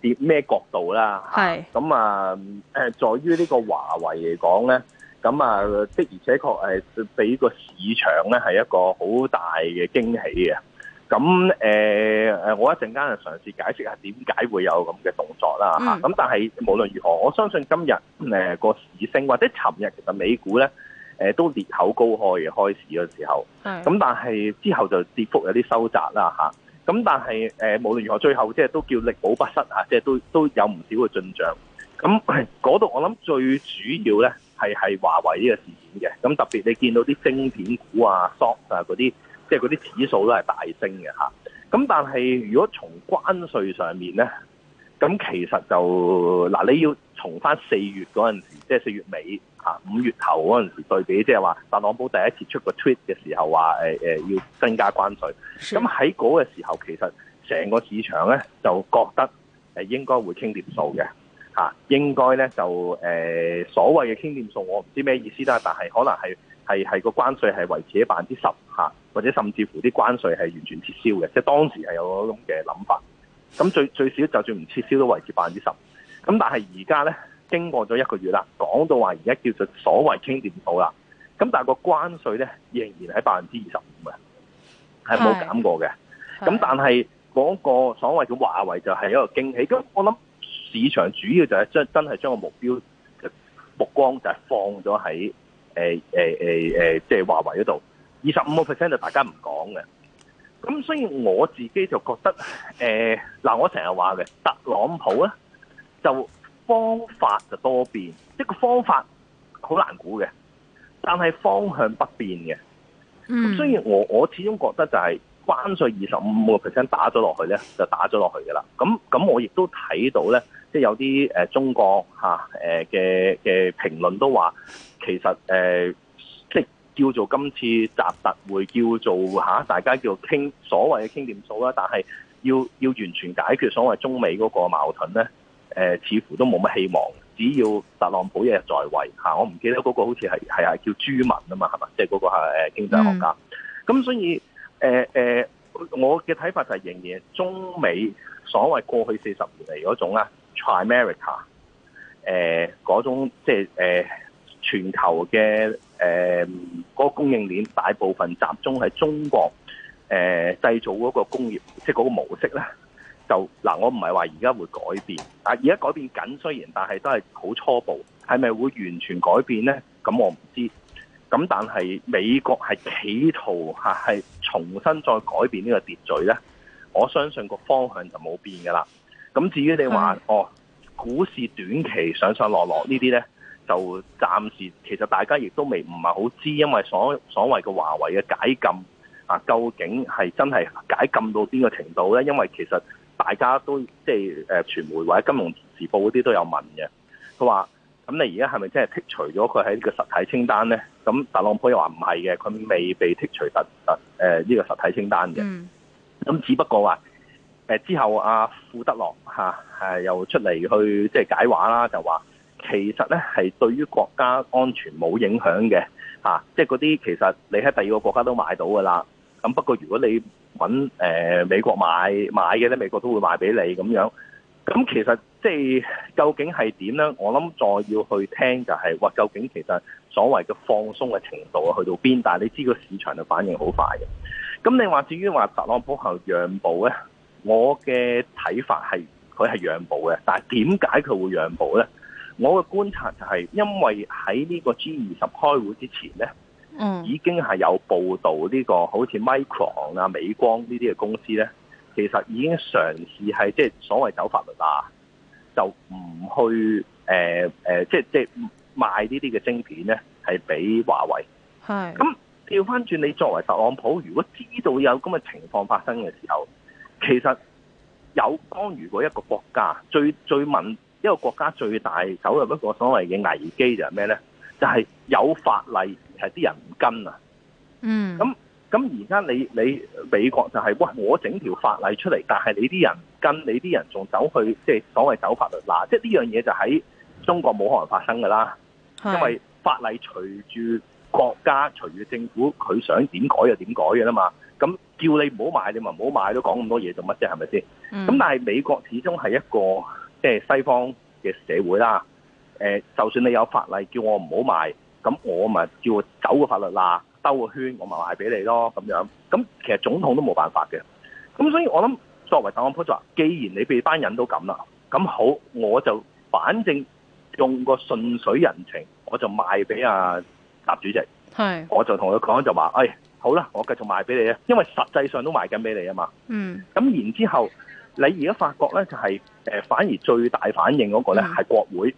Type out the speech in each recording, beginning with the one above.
跌咩角度啦？嚇是，咁、嗯、啊，誒，在於呢個華為嚟講咧，咁啊，的而且確誒，俾個市場咧係一個好大嘅驚喜嘅。咁誒、呃，我一陣間就嘗試解釋下點解會有咁嘅動作啦，咁是、嗯嗯、但係無論如何，我相信今日誒個市升，或者尋日其實美股咧誒、呃、都裂口高開嘅開市嘅時候，咁是、嗯、但係之後就跌幅有啲收窄啦，咁但係誒，無論如何，最後即係都叫力保不失，即係都都有唔少嘅進展。咁嗰度我諗最主要咧係喺華為呢個事件嘅。咁特別你見到啲晶片股啊、s o c 啊嗰啲，即係嗰啲指數都係大升嘅。咁但係如果從關稅上面咧，咁其實就嗱，你要從翻四月嗰陣時，即係四月尾。五月頭嗰陣時對比，即係話特朗普第一次出個 tweet 嘅時候話誒誒要增加關稅，咁喺嗰個時候其實成個市場咧就覺得誒應該會傾掂數嘅，嚇應該咧就誒所謂嘅傾掂數我唔知咩意思啦，但係可能係係係個關稅係維持喺百分之十嚇，或者甚至乎啲關稅係完全撤銷嘅，即係當時係有咁嘅諗法，咁最最少就算唔撤銷都維持百分之十，咁但係而家咧。經過咗一個月啦，講到話而家叫做所謂傾掂到啦，咁但係個關稅咧仍然喺百分之二十五嘅，係冇減過嘅。咁是是 但係嗰個所謂嘅華為就係一個驚喜。咁我諗市場主要就係將真係將個目標嘅目光在，欸欸欸，就係放咗喺誒誒誒誒，即係華為嗰度二十五個 percent 就大家唔講嘅。咁所以我自己就覺得誒，嗱，欸，我成日話嘅特朗普咧就。方法就多變，一個方法好難估嘅，但係方向不變嘅。咁雖然我我始終覺得就係關稅二十五個 percent 打咗落去咧，就打咗落去噶啦。咁咁我亦都睇到咧，即有啲誒、呃、中國吓誒嘅嘅評論都話，其實誒、呃、即叫做今次習特會叫做吓、啊、大家叫做傾所謂嘅傾掂數啦。但係要要完全解決所謂中美嗰個矛盾咧？誒、呃、似乎都冇乜希望，只要特朗普一日在位，啊、我唔記得嗰個好似係係啊叫朱文啊嘛，係嘛？即係嗰個係經濟學家。咁、mm。所以誒、呃呃、我嘅睇法就係仍然中美所謂過去四十年嚟嗰種啊，Trimerica，誒嗰種即係誒全球嘅誒嗰個供應鏈大部分集中喺中國誒製、啊、造嗰個工業即係嗰個模式咧。就嗱，我唔係話而家會改變，但而家改變緊雖然但係都係好初步，係咪會完全改變咧？咁我唔知。咁但係美國係企圖吓係重新再改變呢個秩序咧，我相信個方向就冇變噶啦。咁至於你話的哦，股市短期上上落落呢啲咧，就暫時其實大家亦都未唔係好知，因為所所謂嘅華為嘅解禁啊，究竟係真係解禁到邊個程度咧？因為其實。大家都即係誒，傳媒或者金融時報嗰啲都有問嘅。佢話，咁你而家係咪真係剔除咗佢喺呢個實體清單咧？咁特朗普又話唔係嘅，佢未被剔除實實誒呢個實體清單嘅。咁、mm. 只不過話誒之後阿、啊、富德洛吓係又出嚟去即係解話啦，就話其實咧係對於國家安全冇影響嘅吓，即係嗰啲其實你喺第二個國家都買到噶啦。咁不過如果你揾誒、呃、美國買買嘅咧，美國都會賣俾你咁樣。咁其實即係、就是、究竟係點咧？我諗再要去聽就係、是、話究竟其實所謂嘅放鬆嘅程度去到邊？但係你知個市場就反應好快嘅。咁你話至於話特朗普後讓步咧，我嘅睇法係佢係讓步嘅。但係點解佢會讓步咧？我嘅觀察就係因為喺呢個 G 二十開會之前咧。嗯，已經係有報道呢、這個好似 Micron 啊、美光呢啲嘅公司咧，其實已經嘗試係即係所謂走法律化、啊，就唔去誒、呃呃、即係即係賣呢啲嘅晶片咧，係俾華為。係。咁調翻轉，你作為特朗普，如果知道有咁嘅情況發生嘅時候，其實有當如果一個國家最最問一個國家最大走入一個所謂嘅危機就係咩咧？就係、係、有法例。係啲人唔跟啊、嗯，嗯，咁咁而家你你美國就係，哇！我整條法例出嚟，但係你啲人跟，你啲人仲走去即係所謂走法律嗱，即係呢樣嘢就喺中國冇可能發生噶啦，因為法例隨住國家隨住政府佢想點改就點改噶啦嘛，咁叫你唔好買你咪唔好買都講咁多嘢做乜啫，係咪先？咁、嗯、但係美國始終係一個即係西方嘅社會啦，誒、呃，就算你有法例叫我唔好買。咁我咪叫走個法律啦，兜個圈，我咪賣俾你咯咁樣。咁其實總統都冇辦法嘅。咁所以我諗作為特朗普，既然你班人都咁啦，咁好我就反正用個順水人情，我就賣俾阿、啊、習主席。係是，我就同佢講就話，誒、哎、好啦，我繼續賣俾你啊，因為實際上都賣緊俾你啊嘛。嗯。咁然之後，你而家法國發覺咧就係、是、反而最大反應嗰個咧係、嗯、國會，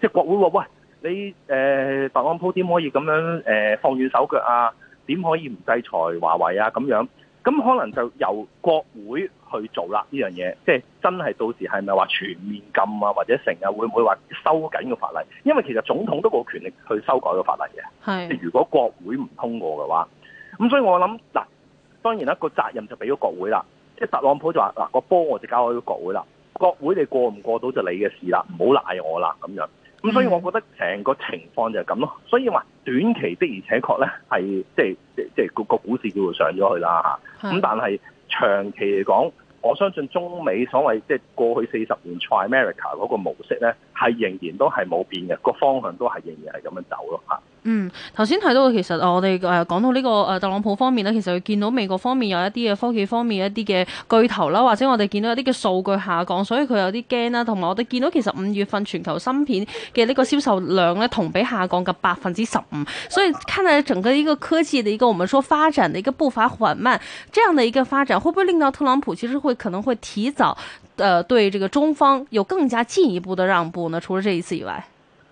即係國會話喂。你誒、呃、特朗普點可以咁樣誒、呃、放軟手腳啊？點可以唔制裁華為啊？咁樣咁可能就由國會去做啦呢樣嘢，即係、就是、真係到時係咪話全面禁啊，或者成日會唔會話收緊個法例？因為其實總統都冇權力去修改個法例嘅。係是如果國會唔通過嘅話，咁所以我諗嗱，當然啦、個責任就俾咗國會啦。即係特朗普就話嗱，個波我就交去咗國會啦，國會你過唔過到就你嘅事啦，唔好賴我啦咁樣。咁 所以我覺得成個情況就係咁咯，所以話短期的而且確咧係即係即係個股市叫上咗去啦吓。咁但係長期嚟講，我相信中美所謂即係過去四十年 Chimerica 嗰個模式咧。係仍然都係冇變嘅，個方向都係仍然係咁樣走咯，吓。嗯，頭先睇到其實我哋誒講到呢個誒特朗普方面咧，其實會見到美國方面有一啲嘅科技方面有一啲嘅巨頭啦，或者我哋見到一啲嘅數據下降，所以佢有啲驚啦。同埋我哋見到其實五月份全球芯片嘅呢個銷售量咧同比下降嘅百分之十五，所以看到整個一個科技的一個我們說發展的一個步伐緩慢，這樣的一個發展，會不會令到特朗普其實會可能會提早？誒、呃，對這個中方有更加進一步的讓步呢？除了這一次以外，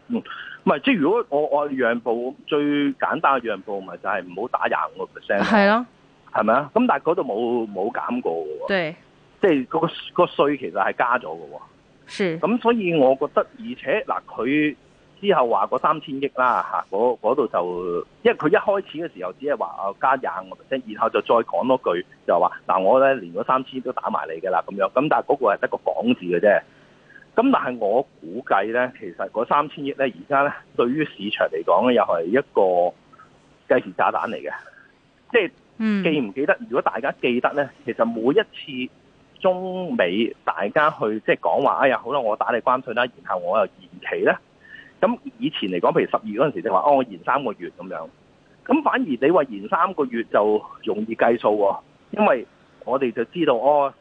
嗯，唔係即係如果我我讓步最簡單嘅讓步咪就係唔好打廿五個 percent 咯，係咯，係咪啊？咁但係嗰度冇冇減過嘅喎，對，即係、個個稅其實係加咗嘅喎，是，咁所以我覺得而且嗱佢。之後話嗰三千億啦嚇，嗰度就，因為佢一開始嘅時候只係話加廿個 percent，然後就再講多句就話嗱，我咧連嗰三千億都打埋你嘅啦咁樣，咁但係嗰個係得個講字嘅啫。咁但係我估計咧，其實嗰三千億咧，而家咧對於市場嚟講咧，又係一個計時炸彈嚟嘅。即係記唔記得？如果大家記得咧，其實每一次中美大家去即係講話，哎呀，好啦，我打你關稅啦，然後我又延期咧。咁以前嚟講，譬如十二嗰陣時候就話哦，我延三個月咁樣。咁反而你話延三個月就容易計數喎，哦，因為我哋就知道哦，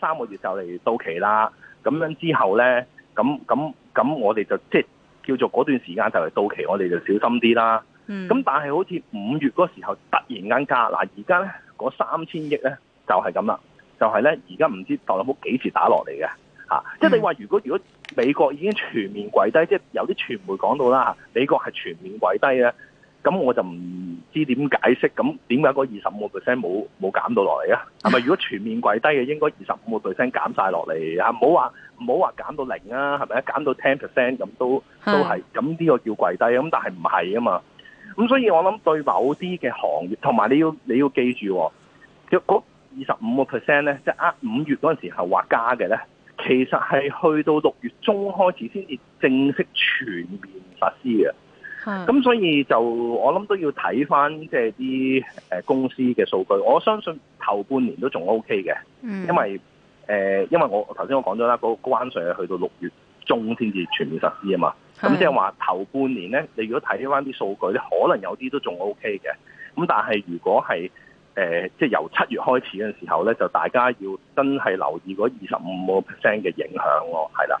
三個月就嚟到期啦。咁樣之後咧，咁咁咁我哋就即係叫做嗰段時間就嚟到期，我哋就小心啲啦。咁、嗯、但係好似五月嗰時候突然間加，嗱而家咧嗰三千億咧就係咁啦，就係咧而家唔知特朗普幾時打落嚟嘅嚇。即係你話如果如果。嗯美國已經全面跪低，即係有啲傳媒講到啦，美國係全面跪低啊，咁我就唔知點解釋。咁點解嗰二十五個 percent 冇冇減到落嚟啊？係咪如果全面跪低嘅，應該二十五個 percent 減晒落嚟啊？唔好話唔好話減到零啊，係咪減到 ten percent 咁都都係？咁呢個叫跪低咁，但係唔係啊嘛？咁所以我諗對某啲嘅行業，同埋你要你要記住哦，嗰二十五個 percent 咧，即係五月嗰陣時係話加嘅咧。其實係去到六月中開始，先至正式全面實施嘅。係，咁所以就我諗都要睇翻，即係啲誒公司嘅數據。我相信頭半年都仲 OK 嘅，因為誒，嗯、因為我頭先我講咗啦，個關稅係去到六月中先至全面實施啊嘛。咁即係話頭半年咧，你如果睇翻啲數據咧，可能有啲都仲 OK 嘅。咁但係如果係，誒、呃，即係由七月開始嘅時候咧，就大家要真係留意嗰二十五個 percent 嘅影響喎，係啦。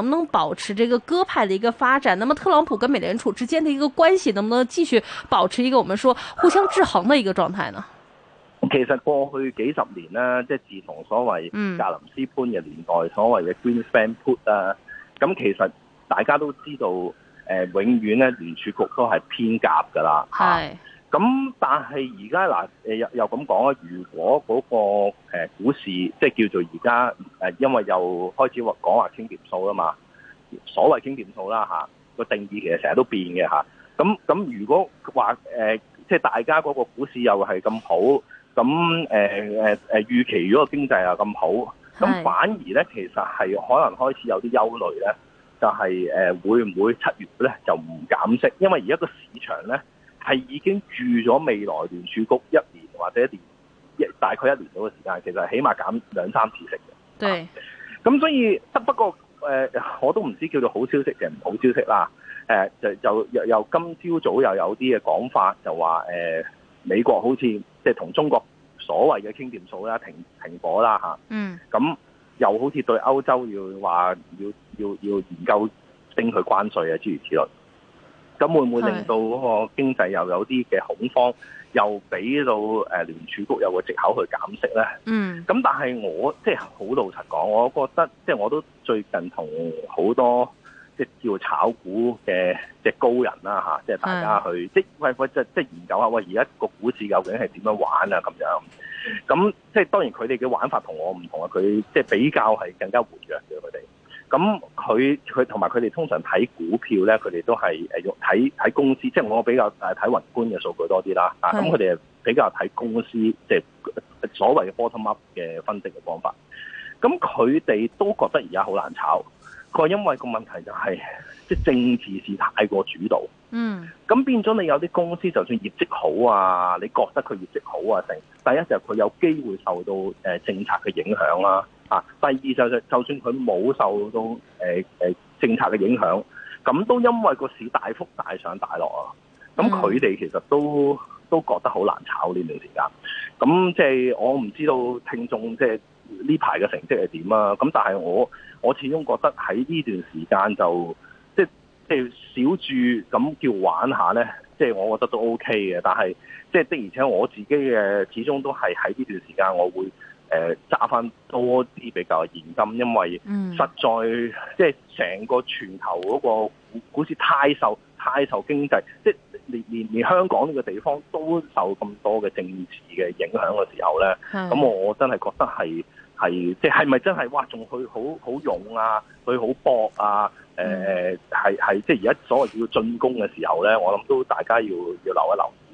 能不能保持這個鴿派的一個發展？那麼特朗普跟美聯儲之間的一個關係，能不能繼續保持一個我們說互相制衡的一個狀態呢？其實過去幾十年咧，即係自從所謂格林斯潘嘅年代，所謂嘅 Greenspan Put 啊，咁其實大家都知道，誒、呃、永遠咧聯儲局都係偏夾噶啦。係。咁但係而家嗱，又又咁講啦。如果嗰個股市，即係叫做而家，因為又開始話講話傾掂數啦嘛，所謂傾掂數啦嚇，個定義其實成日都變嘅嚇。咁咁如果話誒，即係大家嗰個股市又係咁好，咁誒誒預期嗰個經濟又咁好，咁是反而咧其實係可能開始有啲憂慮咧，就係誒會唔會七月咧就唔減息？因為而家個市場咧。係已經住咗未來聯儲局一年或者一年一大概一年到嘅時間，其實係起碼減兩三次息嘅。咁對、啊、所以不不過、呃、我都唔知叫做好消息定唔好消息啦。誒、呃、就,就又又又今朝早又有啲嘅講法就，就話誒美國好似即係同中國所謂嘅傾掂數啦，停停火啦、啊、嗯。咁、啊、又好似對歐洲要話要要要研究升佢關稅啊，諸如此類。咁會唔會令到嗰個經濟又有啲嘅恐慌，的又俾到誒聯儲局有個藉口去減息咧？嗯，咁但係我即係好老實講，我覺得即係、就是、我都最近同好多即係、就是、叫炒股嘅即係高人啦嚇，即係大家去即係的、就是、喂即係即係研究下，喂而家個股市究竟係點樣玩啊？咁樣，咁即係當然佢哋嘅玩法我不不同我唔同啊！佢即係比較係更加活躍嘅佢哋。咁佢佢同埋佢哋通常睇股票咧，佢哋都係誒睇睇公司，即係我比較誒睇宏觀嘅數據多啲啦。是啊，咁佢哋比較睇公司，即係所謂嘅 bottom up 嘅分析嘅方法。咁佢哋都覺得而家好難炒。佢話因為個問題就係、是，即係政治是太過主導。嗯。咁變咗你有啲公司就算業績好啊，你覺得佢業績好啊等等，定第一就係佢有機會受到、呃、政策嘅影響啦、啊。嗯啊！第二就係、是、就算佢冇受到誒誒、欸欸、政策嘅影響，咁都因為個市大幅大上大落啊。咁佢哋其實都、嗯、都覺得好難炒呢段時間。咁即係我唔知道聽眾即係呢排嘅成績係點啊。咁但係我我始終覺得喺呢段時間就即即少住咁叫玩下咧，即、就、係、是、我覺得都 OK 嘅。但係即的而且我自己嘅始終都係喺呢段時間，我會。誒揸翻多啲比較現金，因為實在、嗯、即係成個全球嗰個股市太受太受經濟，即係連連連香港呢個地方都受咁多嘅政治嘅影響嘅時候咧，咁是的 我真係覺得係係即係咪真係哇？仲去好好勇啊，去好搏啊，誒係係即係而家所謂叫進攻嘅時候咧，我諗都大家要要留一留。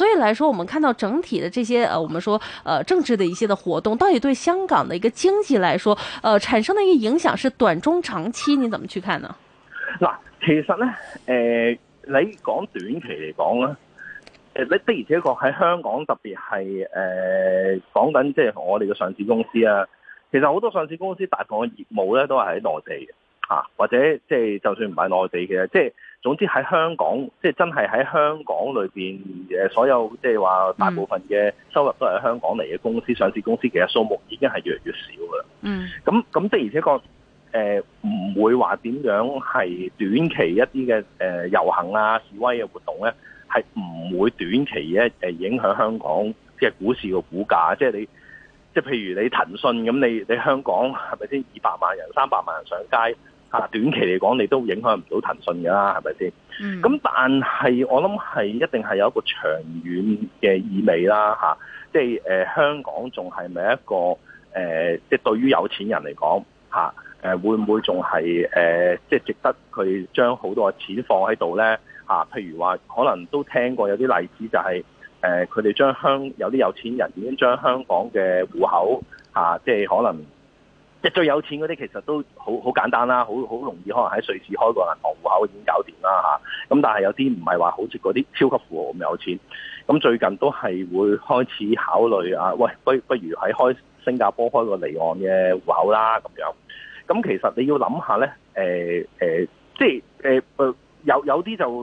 所以來說，我們看到整體的這些，呃，我們說，呃，政治的一些的活動，到底對香港的一個經濟來說，呃，產生的一個影響是短中長期，你怎麼去看呢？嗱，其實呢誒、呃，你講短期嚟講咧，誒、呃，你的而且確喺香港，特別是，特別係，誒，講緊即係我哋嘅上市公司啊，其實好多上市公司，大部分的業務咧都係喺內地嘅，吓、啊，或者即係就算唔係內地嘅，即係。總之喺香港，即、就、係、是、真係喺香港裏面，所有即係話大部分嘅收入都係香港嚟嘅公司、mm. 上市公司其實數目已經係越嚟越少啦。嗯、mm.，咁咁的而且確誒唔會話點樣係短期一啲嘅誒遊行啊、示威嘅活動咧，係唔會短期影響香港嘅股市個股價。即、就、係、是、你即係、就是、譬如你騰訊咁，你你香港係咪先二百萬人、三百萬人上街？嚇，短期嚟講，你都影響唔到騰訊㗎啦，係咪先？咁、嗯、但係我諗係一定係有一個長遠嘅意味啦，嚇、啊！即係誒香港仲係咪一個誒，即、呃、係、就是、對於有錢人嚟講嚇，誒、啊、會唔會仲係誒，即、呃、係、就是、值得佢將好多錢放喺度咧？嚇、啊，譬如話可能都聽過有啲例子、就是，就係誒佢哋將香有啲有錢人點樣將香港嘅戶口嚇，即、啊、係、就是、可能。即最有錢嗰啲其實都好好簡單啦，好好容易，可能喺瑞士開個銀行戶口已經搞掂啦吓。咁但係有啲唔係話好似嗰啲超級富豪咁有錢。咁最近都係會開始考慮啊，喂，不不如喺開新加坡開個離岸嘅戶口啦咁樣。咁其實你要諗下咧，誒、欸欸、即係誒、欸，有有啲就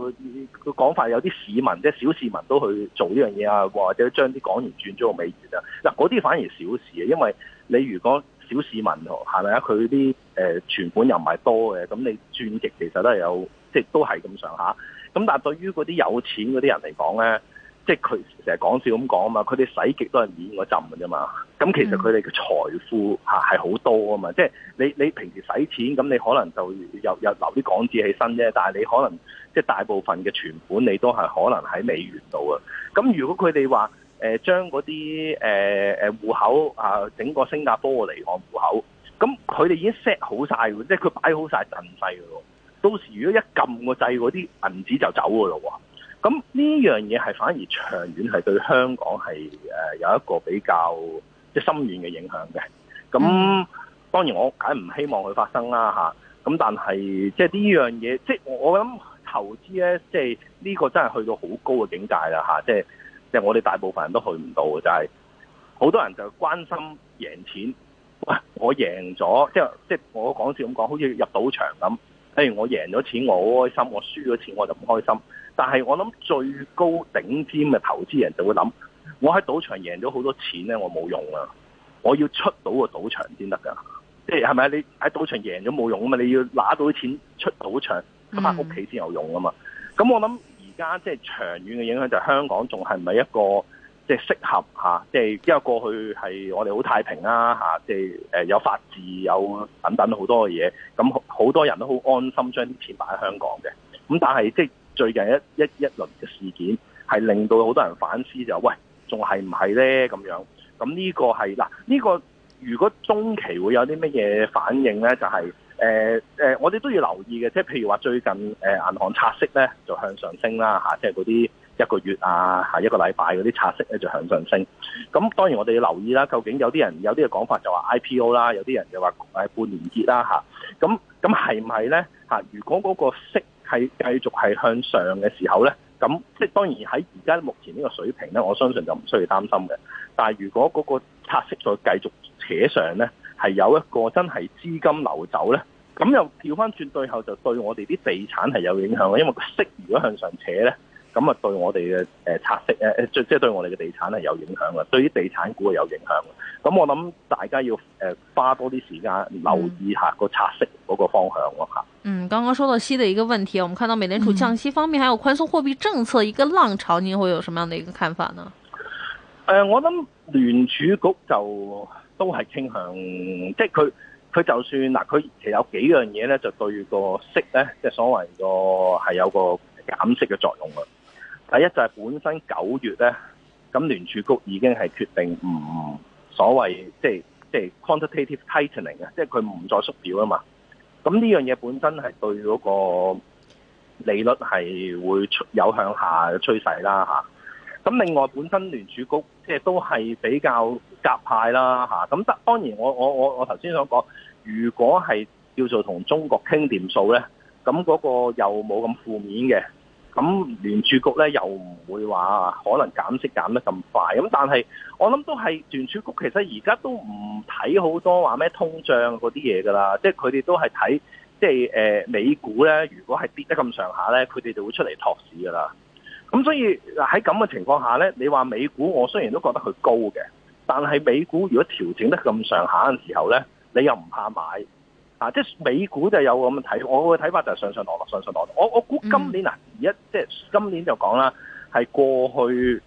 個講法，有啲市民即小市民都去做呢樣嘢啊，或者將啲港元轉咗個美元啊。嗱，嗰啲反而小事啊，因為你如果小市民同係咪啊？佢啲誒存款又唔係多嘅，咁你轉極其實都係有，即係都係咁上下。咁但係對於嗰啲有錢嗰啲人嚟講咧，即係佢成日講笑咁講啊嘛，佢哋洗極都係免個浸嘅啫嘛。咁其實佢哋嘅財富嚇係好多啊嘛。嗯、即係你你平時使錢咁，咁你可能就又又留啲港紙喺身啫。但係你可能即係大部分嘅存款你都係可能喺美元度啊。咁如果佢哋話，誒將嗰啲誒戶口啊，整個新加坡嘅離岸戶口，咁佢哋已經 set 好晒，即係佢擺好晒陣勢嘅。到時如果一撳個掣，嗰啲銀紙就走嘅咯。咁呢樣嘢係反而長遠係對香港係誒有一個比較即係深遠嘅影響嘅。咁當然我梗唔希望佢發生啦嚇。咁但係即係呢樣嘢，即係我我諗投資咧，即係呢個真係去到好高嘅境界啦吓，即係。即係我哋大部分人都去唔到嘅，就係好多人就關心贏錢。哇，我贏咗，即係即係我講笑咁講，好似入賭場咁。誒、哎，我贏咗錢，我好開心；我輸咗錢，我就唔開心。但係我諗最高頂尖嘅投資人就會諗，我喺賭場贏咗好多錢咧，我冇用啊！我要出到個賭場先得㗎。即係係咪你喺賭場贏咗冇用啊嘛！你要拿到啲錢出賭場翻屋企先有用啊嘛。咁我諗。而家即係長遠嘅影響，就係香港仲係唔係一個即係適合嚇？即係因為過去係我哋好太平啦嚇，即係誒有法治有等等好多嘅嘢，咁好多人都好安心將啲錢擺喺香港嘅。咁但係即係最近一一一輪嘅事件，係令到好多人反思就喂，仲係唔係咧咁樣？咁呢個係嗱，呢個如果中期會有啲乜嘢反應咧，就係。誒誒、呃呃，我哋都要留意嘅，即係譬如話最近、呃、銀行拆息咧就向上升啦，即係嗰啲一個月啊嚇、啊、一個禮拜嗰啲拆息咧就向上升。咁當然我哋要留意啦，究竟有啲人有啲嘅講法就話 IPO 啦，有啲人就話、啊、半年結啦。咁咁係唔係咧？如果嗰個息係繼續係向上嘅時候咧，咁即係當然喺而家目前呢個水平咧，我相信就唔需要擔心嘅。但係如果嗰個拆息再繼續扯上咧？係有一個真係資金流走呢，咁又調翻轉對後就對我哋啲地產係有影響啦。因為個息如果向上扯呢，咁啊對我哋嘅誒拆息誒即係對我哋嘅地產係有影響嘅，對於地產股係有影響嘅。咁我諗大家要、呃、花多啲時間留意下個拆息嗰個方向咯、啊、吓。嗯，剛剛說到息的一個問題，我們看到美聯儲降息方面，還有寬鬆貨幣政策一個浪潮，你會有什麼樣的一個看法呢？誒、嗯嗯，我諗聯儲局就。都係傾向，即係佢佢就算嗱，佢其實有幾樣嘢咧，就對個息咧，即係所謂個係有個減息嘅作用啦。第一就係本身九月咧，咁聯儲局已經係決定唔、嗯嗯、所謂即係即係 quantitative tightening 即係佢唔再縮表啊嘛。咁呢樣嘢本身係對嗰個利率係會有向下嘅趨勢啦吓，咁另外本身聯儲局。即係都係比較夾派啦嚇，咁得當然我我我我頭先想講，如果係叫做同中國傾掂數咧，咁嗰個又冇咁負面嘅，咁聯儲局咧又唔會話可能減息減得咁快，咁但係我諗都係聯儲局其實而家都唔睇好多話咩通脹嗰啲嘢㗎啦，即係佢哋都係睇即係誒美股咧，如果係跌得咁上下咧，佢哋就會出嚟托市㗎啦。咁所以喺咁嘅情況下呢，你話美股，我雖然都覺得佢高嘅，但係美股如果調整得咁上下嘅時候呢，你又唔怕買啊？即係美股就有咁嘅睇，我嘅睇法就係上上落落，上上落落。我我估今年啊，而家即係今年就講啦，係過去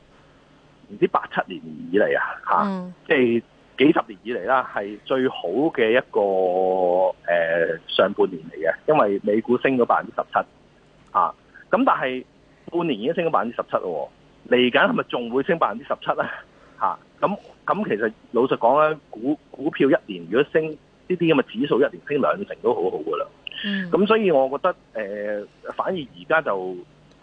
唔知八七年以嚟啊，嚇，即係幾十年以嚟啦，係最好嘅一個誒、呃、上半年嚟嘅，因為美股升咗百分之十七啊，咁但係。半年已經升咗百分之十七咯，嚟緊係咪仲會升百分之十七咧？咁咁、啊、其實老實講咧，股股票一年如果升呢啲咁嘅指數，一年升兩成都好好噶啦。咁、嗯、所以我覺得、呃、反而而家就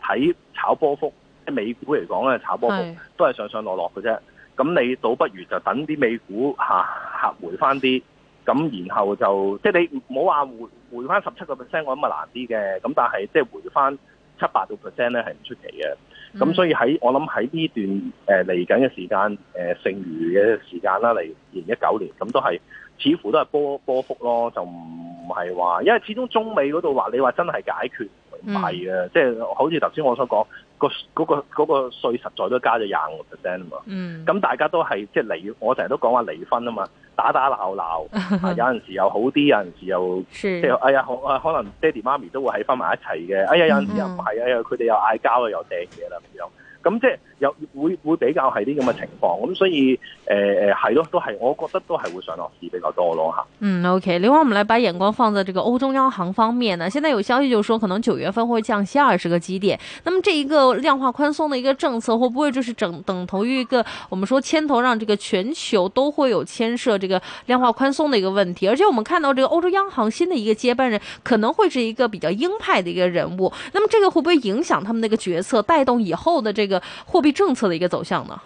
睇炒波幅，美股嚟講咧，炒波幅都係上上落落嘅啫。咁是 你倒不如就等啲美股下下、啊、回翻啲，咁然後就即係你唔好話回回翻十七個 percent，我諗係難啲嘅。咁但係即係回翻。七八個 percent 咧，係唔出奇嘅。咁、嗯、所以喺我諗喺呢段誒嚟緊嘅時間誒剩餘嘅時間啦嚟，二零一九年咁都係似乎都係波波幅咯，就唔係話，因為始終中美嗰度話你話真係解決唔係嘅。即係、嗯、好似頭先我所講、嗰個嗰、嗰個嗰稅實在都加咗廿五個 percent 啊嘛，咁、嗯、大家都係即係離我成日都講話離婚啊嘛。打打鬧鬧， 啊有陣時又好啲，有陣時又即係哎呀可可能爹哋媽咪都會喺翻埋一齊嘅，哎呀有陣時又唔係啊，佢哋又嗌交啦，又掟嘢啦咁樣，咁即係。有會會比較係啲咁嘅情況，咁所以誒誒係咯，都係我覺得都係會上落市比較多咯嚇。嗯，OK，另外，我們來把眼光放在這個歐洲央行方面呢？現在有消息就說可能九月份會降息二十個基點，那麼這一個量化寬鬆的一個政策，會不會就是等等同於一個我們說牽頭讓這個全球都會有牽涉這個量化寬鬆的一個問題？而且我們看到這個歐洲央行新的一個接班人可能會是一個比較鷹派的一個人物，那麼這個會不會影響他們那個決策，帶動以後的這個貨幣？會政策的一個走向呢？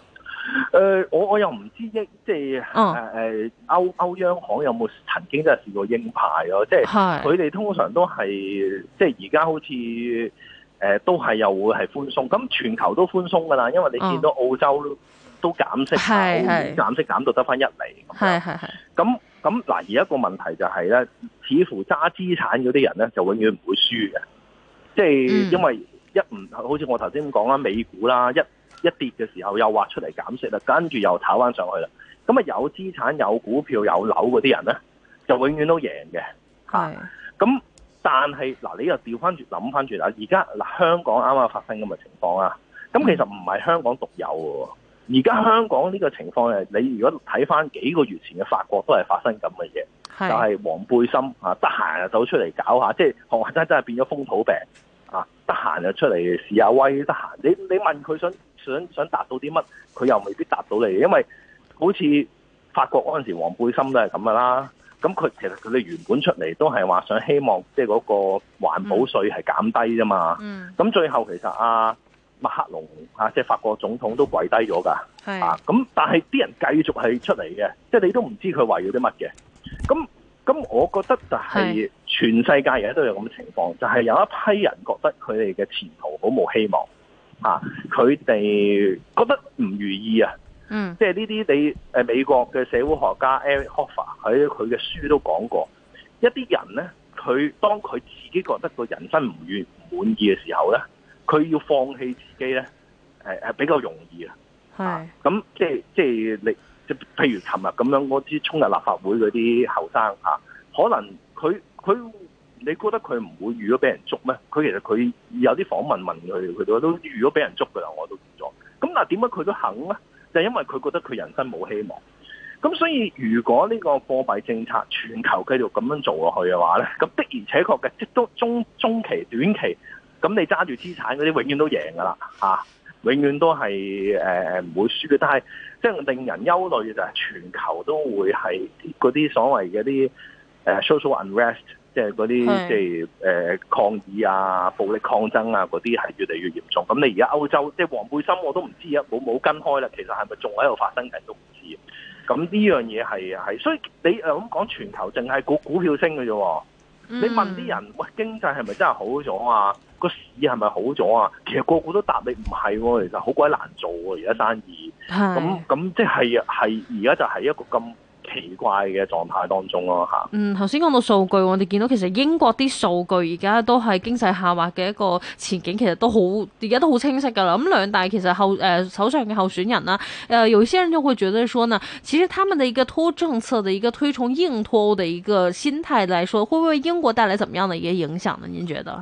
誒、呃，我我又唔知即係歐歐央行有冇曾經真係試過鷹派咯？即係佢哋通常都係即係而家好似、呃、都係又會係寬鬆，咁全球都寬鬆噶啦。因為你見到澳洲都減息，減、嗯、息減到得翻一厘，咁咁嗱，而家個問題就係、是、呢似乎揸資產嗰啲人呢，就永遠唔會輸嘅，即係、嗯、因為一唔好似我頭先咁講啦，美股啦一。一跌嘅時候又話出嚟減息啦，跟住又炒翻上去啦。咁啊有資產、有股票、有樓嗰啲人咧，就永遠都贏嘅。係是。咁、嗯、但係嗱，你又調翻轉諗翻轉啦。而家嗱，香港啱啱發生咁嘅情況啊。咁、嗯、其實唔係香港獨有嘅。而家香港呢個情況咧，你如果睇翻幾個月前嘅法國都係發生咁嘅嘢。就係黃背心啊，得閒就走出嚟搞下，即係韓國真係變咗風土病。啊，得閒就出嚟試下威，得閒你你問佢想，想想達到啲乜，佢又未必達到你，因為好似法國嗰陣時，黃背心都係咁噶啦。咁佢其實佢哋原本出嚟都係話想希望，即係嗰個環保稅係減低啫嘛。咁、嗯、最後其實阿、啊、麥克龍啊，即、就、係、是、法國總統都跪低咗噶。是啊，咁但係啲人繼續係出嚟嘅，即、就、係、是、你都唔知佢話要啲乜嘅。咁咁，我覺得就係全世界而家都有咁嘅情況，是就係有一批人覺得佢哋嘅前途好冇希望。啊！佢哋覺得唔如意啊，嗯，即係呢啲你誒美國嘅社會學家 Eric Hoffer，佢佢嘅書都講過，一啲人咧，佢當佢自己覺得個人生唔願唔滿意嘅時候咧，佢要放棄自己咧，誒、啊、誒比較容易啊。係。是，咁、啊、即係即係你，即譬如琴日咁樣嗰啲衝入立法會嗰啲後生啊，可能佢佢。佢你覺得佢唔會預咗俾人捉咩？佢其實佢有啲訪問問佢，佢都都預咗俾人捉嘅啦，我都唔咗。咁但係點解佢都肯咧？就係因為佢覺得佢人生冇希望。咁所以如果呢個貨幣政策全球繼續咁樣做落去嘅話咧，咁的而且確嘅，即都中中期短期，咁你揸住資產嗰啲永遠都贏嘅啦，嚇、啊，永遠都係誒唔會輸嘅。但係即係令人憂慮嘅就係全球都會係嗰啲所謂嘅啲誒 social unrest。即係嗰啲即係誒、呃、抗議啊、暴力抗爭啊嗰啲係越嚟越嚴重。咁你而家歐洲即係黃背心我不，我都唔知啊，冇冇跟開喇。其實係咪仲喺度發生緊都唔知道。咁呢樣嘢係係，所以你誒咁講全球淨係股股票升嘅啫。你問啲人、嗯、喂經濟係咪真係好咗啊？個市係咪好咗啊？其實個個都答你唔係喎，其實好鬼難做喎、啊，而家生意。咁咁即係係而家就係一個咁奇怪嘅狀態當中咯，吓。嗯，頭先講到數據，我哋見到其實英國啲數據而家都係經濟下滑嘅一個前景，其實都好而家都好清晰噶啦。咁兩大其實後誒手上嘅、呃、候選人啦、呃，有些人就會覺得說呢，其實他們的一個脫政策嘅一個推崇硬脱嘅一個心態來說，會為英國帶來怎樣嘅一個影響呢？你覺得？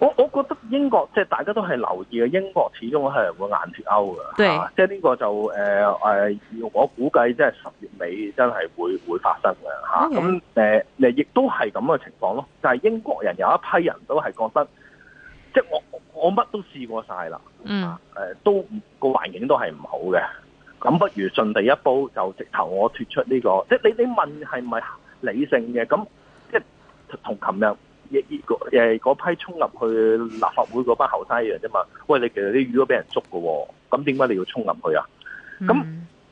我我覺得英國即係大家都係留意嘅，英國始終係會硬脱歐嘅，即係呢個就誒誒，呃、我估計即係十月尾真係會會發生嘅嚇。咁誒亦都係咁嘅情況咯。但係英國人有一批人都係覺得，即係我我乜都試過晒啦，嗯、呃、誒，都個環境都係唔好嘅，咁不如順第一步就直頭我脱出呢個，即係你你問係咪理性嘅？咁即係同琴日。依依嗰批衝入去立法會嗰班後生嘢啫嘛，喂你其實啲魚都俾人捉㗎喎，咁點解你要衝入去啊？咁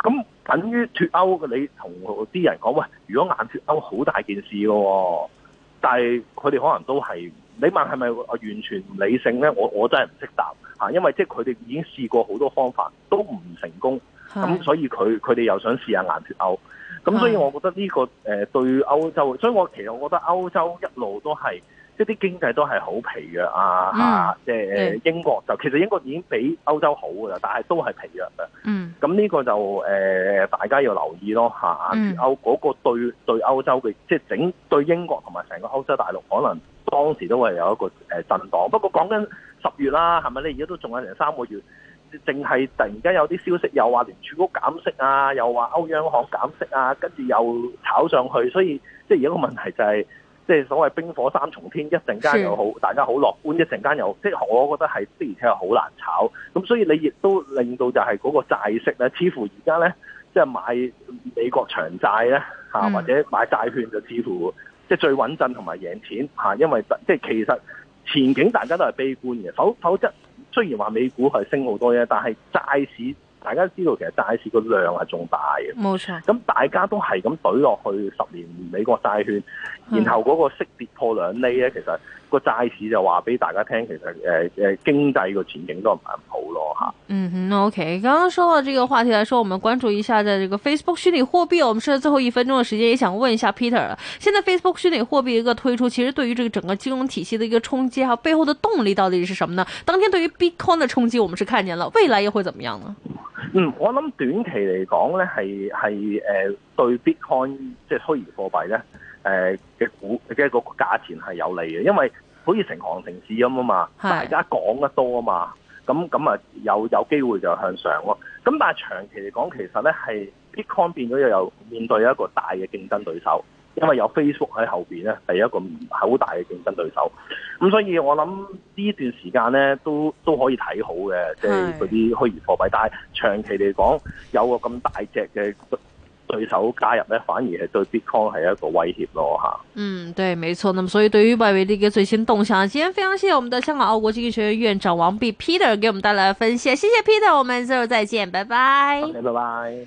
咁、嗯、等於脱歐嘅你同啲人講，喂，如果硬脱歐好大件事㗎喎，哦，但係佢哋可能都係，你問係咪完全唔理性咧？我我真係唔識答嚇，因為即係佢哋已經試過好多方法都唔成功，咁所以佢佢哋又想試下硬脱歐。咁所以，我覺得呢個誒對歐洲，mm. 所以我其實我覺得歐洲一路都係即啲經濟都係好疲弱啊吓，即係、mm. mm. 英國就其實英國已經比歐洲好噶啦，但係都係疲弱嘅。嗯，咁呢個就誒大家要留意咯吓，歐嗰、mm. 個對對歐洲嘅即係整對英國同埋成個歐洲大陸可能當時都會有一個誒震盪。不過講緊十月啦，係咪你而家都仲有成三個月。淨係突然間有啲消息，又話聯儲局減息啊，又話歐央行減息啊，跟住又炒上去，所以即係而家個問題就係、是，即係所謂冰火三重天，一陣間又好，的大家好樂觀，一陣間又好即係我覺得係，的而且確好難炒。咁所以你亦都令到就係嗰個債息咧，似乎而家咧即係買美國長債咧嚇，嗯、或者買債券就似乎即係最穩陣同埋贏錢嚇，因為即係其實前景大家都係悲觀嘅，否否則。雖然話美股係升好多嘅，但係債市。大家知道其實債市個量係仲大嘅，冇錯。咁大家都係咁懟落去十年美國債券，然後嗰個息跌破兩厘咧、嗯，其實個債市就話俾大家聽，其實誒誒經濟個前景都唔係咁好咯嚇。嗯哼，OK。剛剛說到這個話題來說，我們關注一下，在這個 Facebook 虛擬貨幣，我們是在最後一分鐘嘅時間，也想問一下 Peter，現在 Facebook 虛擬貨幣一個推出，其實對於這個整個金融體系嘅一個衝擊，嚇背後嘅動力到底係什麼呢？當天對於 Bitcoin 嘅衝擊，我們是看見了，未來又會怎麼樣呢？嗯，我諗短期嚟講咧，係係誒對 Bitcoin 即係虛擬貨幣咧誒嘅股嘅嗰個價錢係有利嘅，因為好似成行成市咁啊嘛，是的 大家講得多啊嘛，咁咁啊有有機會就向上咯。咁但係長期嚟講，其實咧係 Bitcoin 變咗又有面對一個大嘅競爭對手。因為有 Facebook 喺後邊咧，係一個好大嘅競爭對手，咁所以我諗呢段時間咧都都可以睇好嘅，即係嗰啲虛擬貨幣。但係長期嚟講，有個咁大隻嘅對手加入咧，反而係對 Bitcoin 係一個威脅咯嚇。嗯，對，冇錯。咁啊，所以對於 Bitcoin 嘅最新動向，今天非常謝謝我們嘅香港奧國經濟學院院長王弼 Peter 給我們帶來分析。謝謝 Peter，我們之後再見，拜拜。拜拜。